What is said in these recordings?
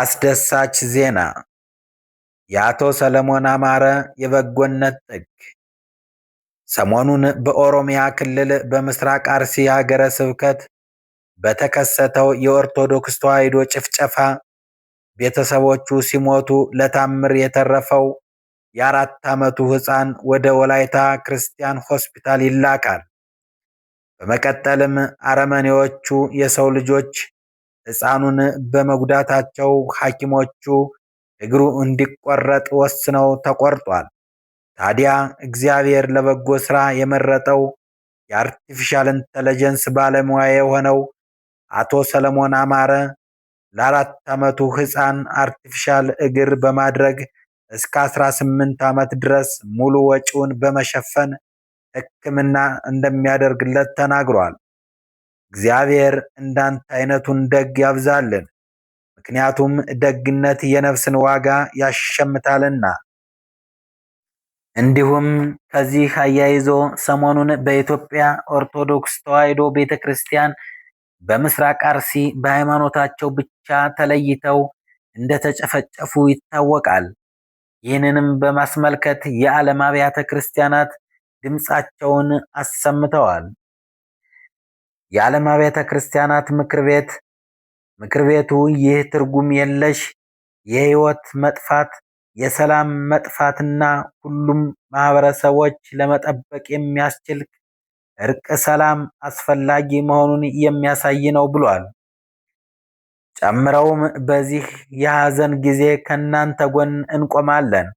አስደሳች ዜና! የአቶ ሰለሞን አማረ የበጎነት ጥግ! ሰሞኑን በኦሮሚያ ክልል በምስራቅ አርሲ ሀገረ ስብከት በተከሰተው የኦርቶዶክስ ተዋሕዶ ጭፍጨፋ ቤተሰቦቹ ሲሞቱ ለታምር የተረፈው የአራት ዓመቱ ሕፃን ወደ ወላይታ ክርስቲያን ሆስፒታል ይላካል። በመቀጠልም አረመኔዎቹ የሰው ልጆች ሕፃኑን በመጉዳታቸው ሐኪሞቹ እግሩ እንዲቆረጥ ወስነው ተቆርጧል። ታዲያ እግዚአብሔር ለበጎ ሥራ የመረጠው የአርቲፊሻል ኢንተለጀንስ ባለሙያ የሆነው አቶ ሰለሞን አማረ ለአራት ዓመቱ ሕፃን አርቲፊሻል እግር በማድረግ እስከ 18 ዓመት ድረስ ሙሉ ወጪውን በመሸፈን ሕክምና እንደሚያደርግለት ተናግሯል። እግዚአብሔር እንዳንተ አይነቱን ደግ ያብዛልን። ምክንያቱም ደግነት የነፍስን ዋጋ ያሸምታልና። እንዲሁም ከዚህ አያይዞ ሰሞኑን በኢትዮጵያ ኦርቶዶክስ ተዋሕዶ ቤተ ክርስቲያን በምስራቅ አርሲ በሃይማኖታቸው ብቻ ተለይተው እንደተጨፈጨፉ ይታወቃል። ይህንንም በማስመልከት የዓለም አብያተ ክርስቲያናት ድምፃቸውን አሰምተዋል። የዓለም አብያተ ክርስቲያናት ምክር ቤት ምክር ቤቱ ይህ ትርጉም የለሽ የህይወት መጥፋት የሰላም መጥፋትና ሁሉም ማህበረሰቦች ለመጠበቅ የሚያስችል እርቅ ሰላም አስፈላጊ መሆኑን የሚያሳይ ነው ብሏል። ጨምረውም በዚህ የሐዘን ጊዜ ከእናንተ ጎን እንቆማለን፣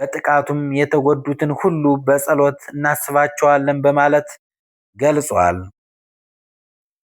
በጥቃቱም የተጎዱትን ሁሉ በጸሎት እናስባቸዋለን በማለት ገልጿል።